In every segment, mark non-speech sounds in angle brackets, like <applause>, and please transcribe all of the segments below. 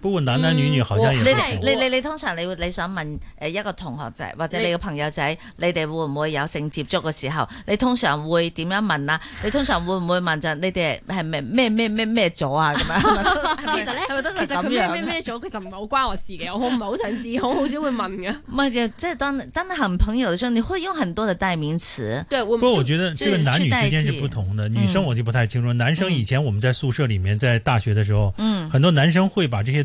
不過男男女女好像有啲唔同、你、嗯、你你通常你你想問誒一個同學仔或者你嘅朋友仔，你哋會唔會有性接觸嘅時候？你通常會點樣問啊？ <laughs> 你通常會唔會問就你哋係咪咩咩咩咩咩咗啊？咁樣。其實咧，其實佢咩咩咩咗，其實唔係好關我事嘅，我唔係好想知， <laughs> 我好少會問嘅。唔係，即係當當得很朋友嘅時候，你可以用很多嘅代名詞。不過我覺得這個男女之間是不同的。女生我就不太清楚、嗯。男生以前我們在宿舍裏面，在大學嘅時候，嗯，很多男生會把這些。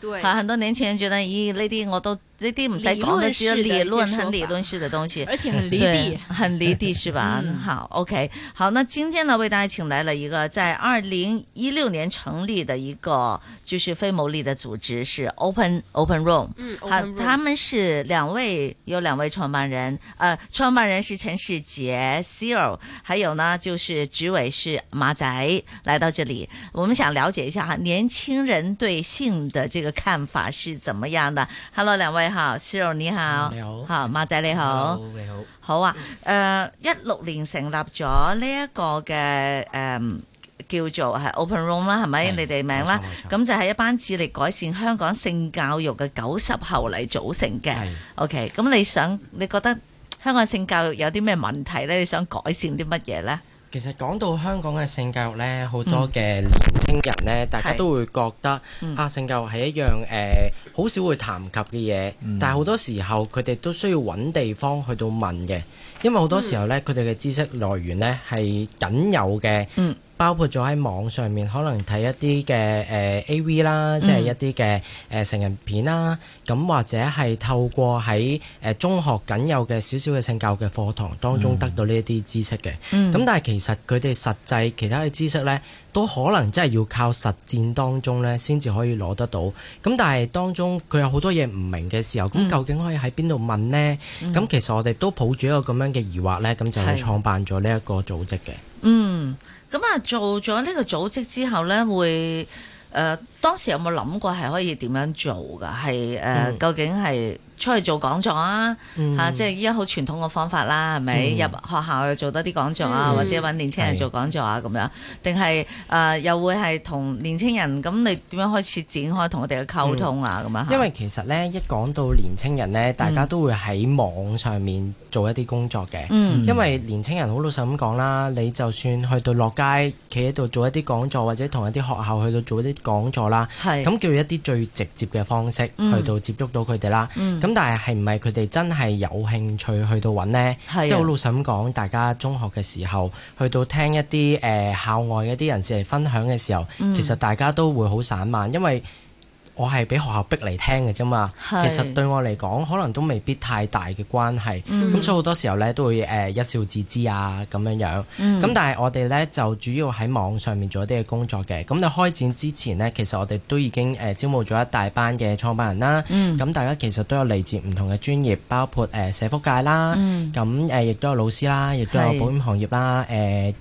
對，很多年輕人覺得咦，呢啲我都呢啲唔使講，都係理論，很理論式的東西，而且很離地，很離地是吧？嗯、好，OK，好，那今天呢為大家請來了一個在二零一六年成立的一個就是非牟利的組織，是 Open Open Room。嗯，好，他們是兩位，有兩位創辦人，呃，創辦人是陳世杰 CEO 還有呢就是執委是馬仔來到這裡，我們想了解一下哈，年輕人對性的這個。嘅看法是怎麼樣嘅？Hello，兩位好，Sir 你好，你好，哈馬仔你好，你好，好啊。誒，一、呃、六年成立咗呢一個嘅誒、呃、叫做係 Open Room 啦，係咪？你哋名啦。咁就係一班致力改善香港性教育嘅九十後嚟組成嘅。OK，咁你想你覺得香港性教育有啲咩問題咧？你想改善啲乜嘢咧？其實講到香港嘅性教育呢，好多嘅年青人呢、嗯，大家都會覺得、嗯、啊，性教育係一樣誒，好、呃、少會談及嘅嘢、嗯。但係好多時候，佢哋都需要搵地方去到問嘅，因為好多時候呢，佢哋嘅知識來源呢，係僅有嘅。嗯嗯包括咗喺網上面，可能睇一啲嘅誒 AV 啦，即係一啲嘅誒成人片啦，咁、嗯、或者係透過喺誒中學僅有嘅少少嘅性教嘅課堂當中得到呢一啲知識嘅。咁、嗯、但係其實佢哋實際其他嘅知識呢，都可能真係要靠實戰當中呢先至可以攞得到。咁但係當中佢有好多嘢唔明嘅時候，咁、嗯、究竟可以喺邊度問呢？咁、嗯、其實我哋都抱住一個咁樣嘅疑惑呢，咁就係、創辦咗呢一個組織嘅。嗯，咁啊，做咗呢個組織之後咧，會誒、呃、當時有冇諗過係可以點樣做噶？係誒究竟係。出去做講座啊嚇、嗯啊，即係依家好傳統嘅方法啦，係咪、嗯？入學校去做多啲講座啊，嗯、或者揾年輕人做講座啊，咁樣。定係誒又會係同年青人咁，你點樣開始展開同我哋嘅溝通啊？咁、嗯、樣。因為其實呢，一講到年青人呢，大家都會喺網上面做一啲工作嘅、嗯。因為年青人好老實咁講啦，你就算去到落街企喺度做一啲講座，或者同一啲學校去到做一啲講座啦，咁叫做一啲最直接嘅方式、嗯、去到接觸到佢哋啦。嗯。咁但係係唔係佢哋真係有興趣去到揾呢？即係、啊嗯、好老實講，大家中學嘅時候去到聽一啲、呃、校外嘅一啲人士嚟分享嘅時候，其實大家都會好散漫，因為，我係俾學校逼嚟聽嘅啫嘛，其實對我嚟講，可能都未必太大嘅關係。咁、嗯、所以好多時候咧，都會誒、呃、一笑置之啊咁樣樣。咁、嗯、但係我哋咧就主要喺網上面做一啲嘅工作嘅。咁你開展之前咧，其實我哋都已經誒、呃、招募咗一大班嘅創辦人啦。咁、嗯、大家其實都有嚟自唔同嘅專業，包括誒、呃、社福界啦，咁誒亦都有老師啦，亦都有保險行業啦，誒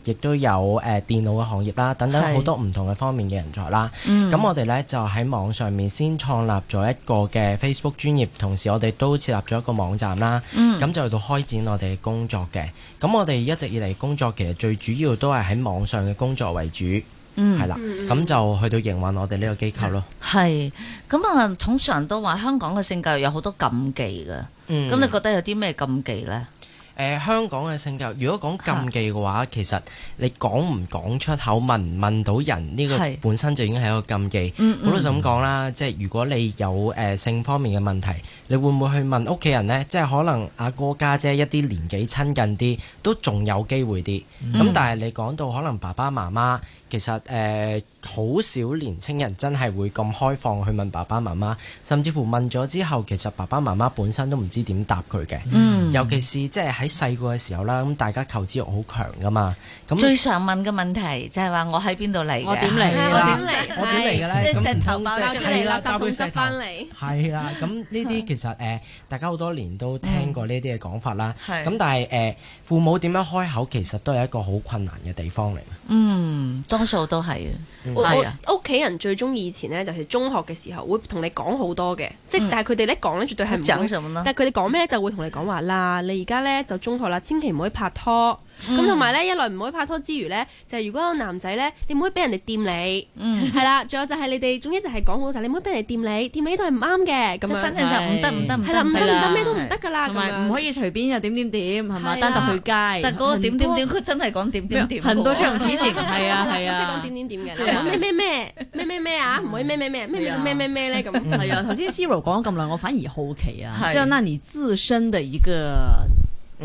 亦、呃、都有誒電腦嘅行業啦，等等好多唔同嘅方面嘅人才啦。咁、嗯、我哋咧就喺網上面。先創立咗一個嘅 Facebook 專頁，同時我哋都設立咗一個網站啦。咁就去到開展我哋嘅工作嘅。咁我哋一直以嚟工作其實最主要都係喺網上嘅工作為主，係、嗯、啦。咁就去到營運我哋呢個機構咯。係。咁啊，通常都話香港嘅性教育有好多禁忌嘅。咁你覺得有啲咩禁忌呢？誒、呃、香港嘅性格，如果講禁忌嘅話，其實你講唔講出口，問唔問到人呢、呢個本身就已經係一個禁忌。好都係咁講啦，即係如果你有誒、呃、性方面嘅問題，你會唔會去問屋企人呢？即係可能阿哥家姐、姐一啲年紀親近啲，都仲有機會啲。咁、嗯、但係你講到可能爸爸媽媽。其實誒，好、呃、少年青人真係會咁開放去問爸爸媽媽，甚至乎問咗之後，其實爸爸媽媽本身都唔知點答佢嘅、嗯。尤其是即係喺細個嘅時候啦，咁、嗯、大家求知欲好強噶嘛。咁最常問嘅問題就係話我喺邊度嚟？我點嚟？我點嚟？我點嚟嘅咧？咁即係石頭包住啦，石頭翻嚟。係 <laughs> 啦，咁呢啲其實誒、嗯，大家好多年都聽過呢啲嘅講法啦。咁、嗯，但係誒、呃，父母點樣開口，其實都係一個好困難嘅地方嚟。嗯，多數都係嘅，屋企人最中意以前咧，就係中學嘅時候，會同你講好多嘅，即、嗯、係但係佢哋咧講咧，絕對係唔講但係佢哋講咩就會同你講話啦。你而家咧就中學啦，千祈唔可以拍拖。咁同埋咧，一來唔可以拍拖之餘咧，就係、是、如果個男仔咧，你唔可以俾人哋掂你，係、嗯、啦。仲有就係你哋，總之就係講好曬，你唔可以俾人掂你，掂咗都係唔啱嘅。咁、嗯、就是、分清楚唔得，唔得，唔得啦，唔得，唔得咩都唔得噶啦。唔可以隨便又點點點，係嘛？單獨去街，但嗰個點點點佢真係講點點點，很多種提示。係啊係啊，即係講點點點嘅，咩咩咩咩咩咩啊，唔可以咩咩咩咩咩咩咩咩咧咁。係啊，頭先 C 羅講咁耐，我反而好奇啊，即係那你自身嘅一個。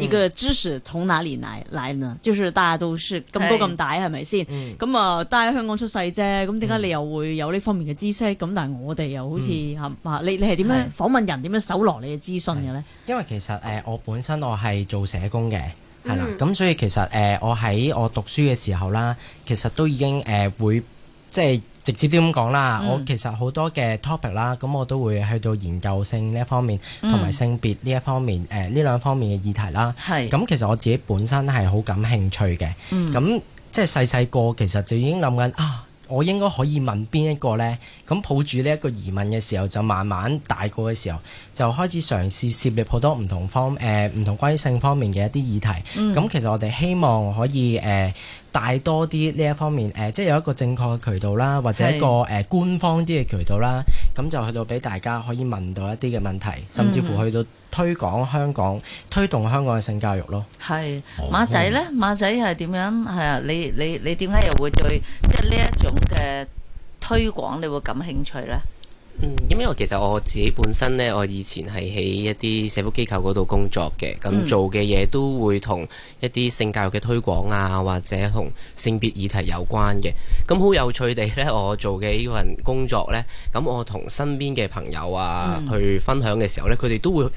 呢、嗯、個知識從哪裡嚟嚟呢？就是大家都是咁高咁大，係咪先？咁啊，都、嗯、喺香港出世啫。咁點解你又會有呢方面嘅知識？咁、嗯、但係我哋又好似嚇、嗯，你你係點樣訪問人？點樣搜羅你嘅資訊嘅呢？因為其實誒、呃，我本身我係做社工嘅，係啦。咁、嗯、所以其實誒、呃，我喺我讀書嘅時候啦，其實都已經誒、呃、會即係。直接啲咁講啦，我其實好多嘅 topic 啦，咁我都會去到研究性呢一方面同埋性別呢一方面，誒、嗯、呢、呃、兩方面嘅議題啦。係咁，其實我自己本身係好感興趣嘅。咁、嗯、即係細細個其實就已經諗緊啊，我應該可以問邊一個呢？咁抱住呢一個疑問嘅時候，就慢慢大個嘅時候，就開始嘗試涉獵好多唔同方唔、呃、同關於性方面嘅一啲議題。咁、嗯、其實我哋希望可以誒。呃大多啲呢一方面，呃、即係有一個正確嘅渠道啦，或者一個、呃、官方啲嘅渠道啦，咁就去到俾大家可以問到一啲嘅問題，甚至乎去到推廣香港、嗯、推動香港嘅性教育咯。係馬仔呢？馬仔係點樣？係啊，你你你點解又會對即係呢一種嘅推廣，你會感興趣呢？嗯，因為其實我自己本身呢，我以前係喺一啲社福機構嗰度工作嘅，咁做嘅嘢都會同一啲性教育嘅推廣啊，或者同性別議題有關嘅。咁好有趣地呢，我做嘅呢份工作呢，咁我同身邊嘅朋友啊、嗯、去分享嘅時候呢，佢哋都會。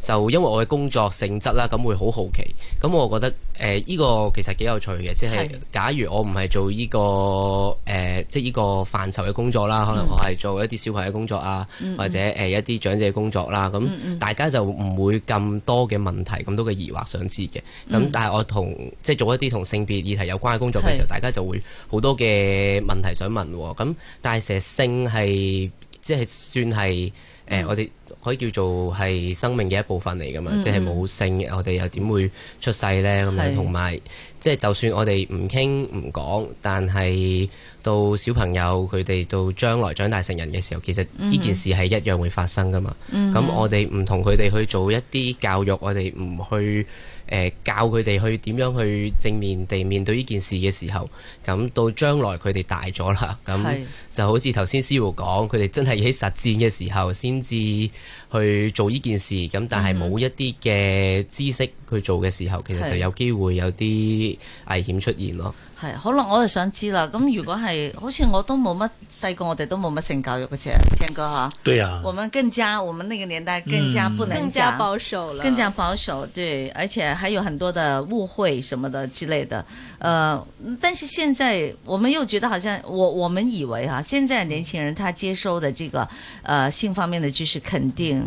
就因為我嘅工作性質啦，咁會好好奇。咁我覺得誒依個其實幾有趣嘅，即係假如我唔係做依個誒，即係依個範疇嘅工作啦，可能我係做一啲小朋友嘅工作啊，嗯嗯或者誒一啲長者嘅工作啦。咁大家就唔會咁多嘅問題，咁多嘅疑惑想知嘅。咁但係我同即係做一啲同性別議題有關嘅工作嘅時候，嗯嗯大家就會好多嘅問題想問。咁但係其實性係即係算係誒嗯我哋。可以叫做係生命嘅一部分嚟㗎嘛？嗯、即係冇性嘅，我哋又點會出世呢？咁同埋，即係就算我哋唔傾唔講，但係到小朋友佢哋到將來長大成人嘅時候，其實呢件事係一樣會發生㗎嘛？咁、嗯、我哋唔同佢哋去做一啲教育，我哋唔去誒、呃、教佢哋去點樣去正面地面對呢件事嘅時候，咁到將來佢哋大咗啦，咁就好似頭先司徒講，佢哋真係喺實戰嘅時候先至去做呢件事，咁但係冇一啲嘅知識。佢做嘅時候，其實就有機會有啲危險出現咯。係，可能我就想知啦。咁如果係好似我都冇乜細個，我哋都冇乜性教育嘅，千哥嚇。對啊。我們更加，我們那個年代更加不能加，更加保守了。更加保守，對，而且還有很多的誤會什麼的之類的。呃，但是現在我們又覺得好像我，我們以為哈、啊，現在年輕人他接收的這個呃性方面的知識肯定，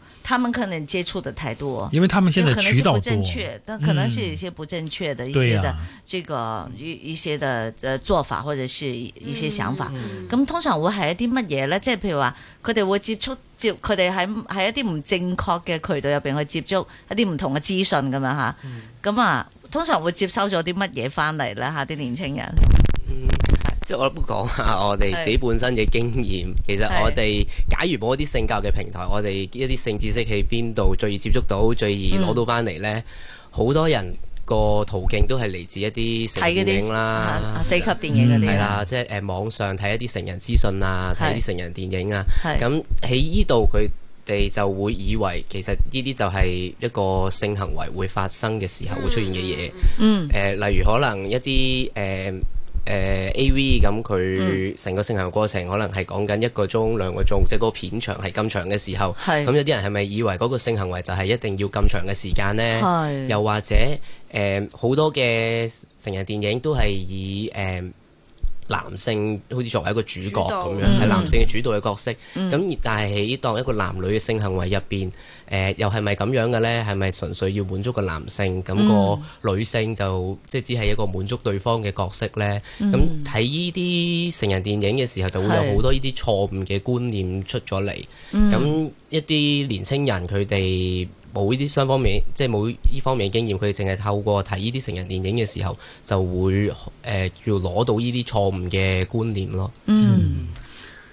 他們可能接觸得太多，因為他們現在渠道多、嗯、但可能是有些不正確的一些的這個、啊這個、一一些的做法，或者是一些想法。咁、嗯、通常會係一啲乜嘢呢？即、就、係、是、譬如話，佢哋會接觸接，佢哋喺喺一啲唔正確嘅渠道入邊去接觸一啲唔同嘅資訊咁樣吓。咁啊，通常會接收咗啲乜嘢翻嚟咧？吓啲年輕人。嗯即係我諗講下我哋自己本身嘅經驗。其實我哋假如冇一啲性教嘅平台，我哋一啲性知識喺邊度最易接觸到、嗯、最易攞到翻嚟呢？好多人個途徑都係嚟自一啲成人電影啦、啊啊、四級電影嗰啲啦。即係網上睇一啲成人資訊啊，睇一啲成人電影啊。咁喺呢度佢哋就會以為其實呢啲就係一個性行為會發生嘅時候會出現嘅嘢。嗯，嗯、呃。例如可能一啲誒。呃 AV，咁佢成個性行為過程可能係講緊一個鐘兩個鐘，即係個片長係咁長嘅時候，咁有啲人係咪以為嗰個性行為就係一定要咁長嘅時間呢？又或者呃、好多嘅成人電影都係以誒。呃男性好似作為一個主角咁樣，係、嗯、男性嘅主導嘅角色。咁、嗯嗯、但係喺當一個男女嘅性行為入邊，誒、呃、又係咪咁樣嘅咧？係咪純粹要滿足個男性？咁、個女性就、嗯、即係只係一個滿足對方嘅角色咧？咁睇呢啲成人電影嘅時候，就會有好多呢啲錯誤嘅觀念出咗嚟。咁、嗯、一啲年輕人佢哋。冇呢啲雙方面，即係冇呢方面經驗，佢哋淨係透過睇呢啲成人電影嘅時候，就會誒要攞到呢啲錯誤嘅觀念咯。嗯、mm。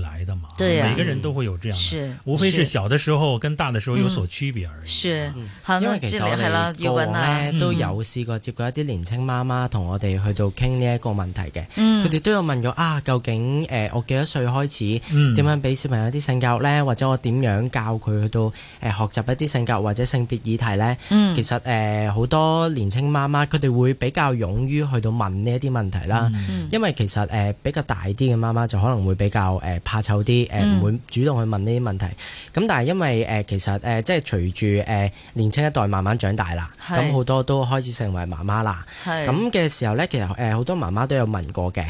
來的嘛、啊，每個人都會有這樣的，無非是小的時候跟大的時候有所區別而已。是，嗯嗯、好，因為其實我哋，過往都有試過接過一啲年輕媽媽同我哋去到傾呢一個問題嘅，佢、嗯、哋、嗯、都有問過啊，究竟誒、呃、我幾多歲開始，點、嗯、樣俾小朋友啲性教育呢，或者我點樣教佢去到誒學習一啲性格或者性別議題呢、嗯、其實誒好、呃、多年輕媽媽佢哋會比較勇於去到問呢一啲問題啦、嗯，因為其實誒、呃、比較大啲嘅媽媽就可能會比較誒。呃怕醜啲，呃、唔會主動去問呢啲問題。咁、嗯、但係因為、呃、其實、呃、即係隨住、呃、年輕一代慢慢長大啦，咁好多都開始成為媽媽啦。咁嘅時候呢，其實、呃、好多媽媽都有問過嘅。咁、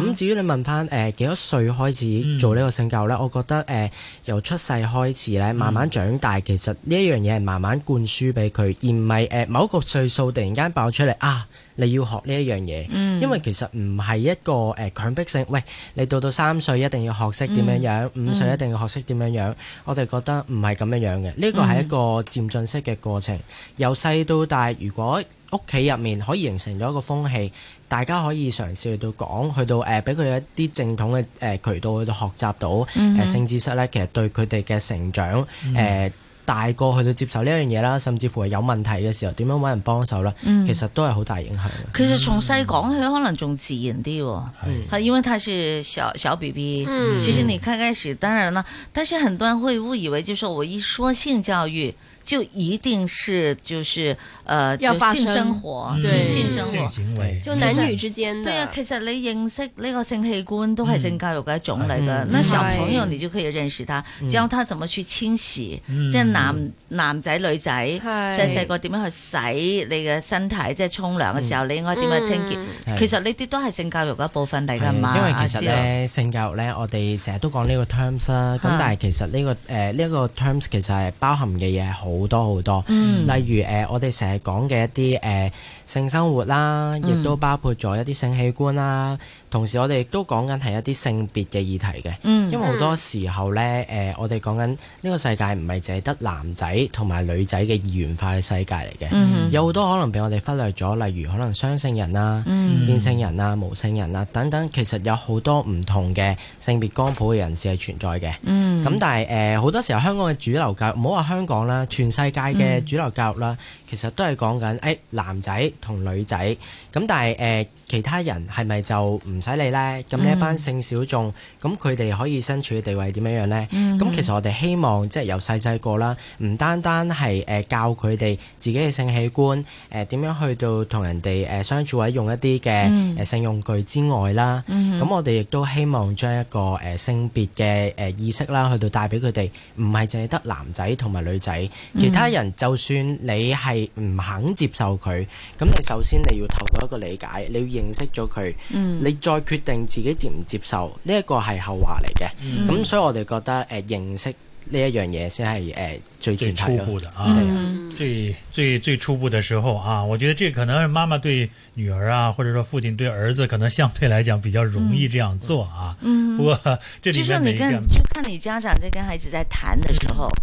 嗯、至於你問翻、呃、幾多歲開始做呢個性教育呢？嗯、我覺得、呃、由出世開始呢，慢慢長大，嗯、其實呢一樣嘢係慢慢灌輸俾佢，而唔係、呃、某個歲數突然間爆出嚟啊，你要學呢一樣嘢，因為其實唔係一個誒強迫性，喂，你到到三歲一定要學識點樣樣，嗯嗯，五歲一定要學識點樣樣。我哋覺得唔係咁樣樣嘅，呢個係一個漸進式嘅過程。嗯、由細到大，如果屋企入面可以形成咗一個風氣，大家可以嘗試去到講，去到誒俾佢一啲正統嘅誒渠道去到學習到誒、嗯呃、性知識呢，其實對佢哋嘅成長誒。嗯大個去到接受呢樣嘢啦，甚至乎係有問題嘅時候點樣揾人幫手啦、嗯，其實都係好大影響嘅。其實從細講起可能仲自然啲、嗯，因為他是小小 B B、嗯。其、就、實、是、你開開始當然啦，但是很多人會誤以為就係我一說性教育就一定是就是呃要發生性生活，對性生活行為，就男女之間的。對啊，其實你認識呢個性器官都係性教育嘅一種嚟嘅、嗯。那小朋友你就可以認識他，教、嗯、他怎麼去清洗，嗯就是男男仔女仔，細細個點樣去洗你嘅身體，即係沖涼嘅時候，嗯、你應該點樣清潔、嗯？其實呢啲都係性教育嘅一部分嚟噶嘛。因為其實咧、啊，性教育咧，我哋成日都講呢個 terms 啦。咁但係其實呢、呢個誒呢一個 terms 其實係包含嘅嘢好多好多、嗯。例如誒、呃，我哋成日講嘅一啲誒、呃、性生活啦，亦都包括咗一啲性器官啦。同時，我哋亦都講緊係一啲性別嘅議題嘅、嗯，因為好多時候呢、嗯呃，我哋講緊呢個世界唔係淨係得男仔同埋女仔嘅二元化嘅世界嚟嘅、嗯，有好多可能被我哋忽略咗，例如可能雙性人啦、嗯、變性人啦、無性人啦等等，其實有好多唔同嘅性別光譜嘅人士係存在嘅。咁、嗯、但係、呃、好多時候香港嘅主流教育，唔好話香港啦，全世界嘅主流教育啦。嗯其實都係講緊，誒、哎、男仔同女仔咁，但係誒、呃、其他人係咪就唔使理呢？咁呢一班性小眾，咁佢哋可以身處嘅地位點樣樣呢？咁、mm -hmm. 其實我哋希望即係由細細個啦，唔單單係誒教佢哋自己嘅性器官，誒、呃、點樣去到同人哋誒相處或者用一啲嘅性用具之外啦，咁、mm -hmm. 我哋亦都希望將一個誒、呃、性別嘅誒意識啦，去到帶俾佢哋，唔係淨係得男仔同埋女仔，mm -hmm. 其他人就算你係，唔肯接受佢，咁你首先你要透過一個理解，你要認識咗佢、嗯，你再決定自己接唔接受，呢、這、一個係後話嚟嘅。咁、嗯、所以我哋覺得誒、呃，認識呢一樣嘢先係誒最初步嘅、啊啊嗯。最最，最初步的時候啊，我覺得這可能媽媽對女兒啊，或者說父親對兒子，可能相對來講比較容易這樣做啊。嗯、不過、嗯、這裏面就，你跟就看你家長在跟孩子在談的時候。嗯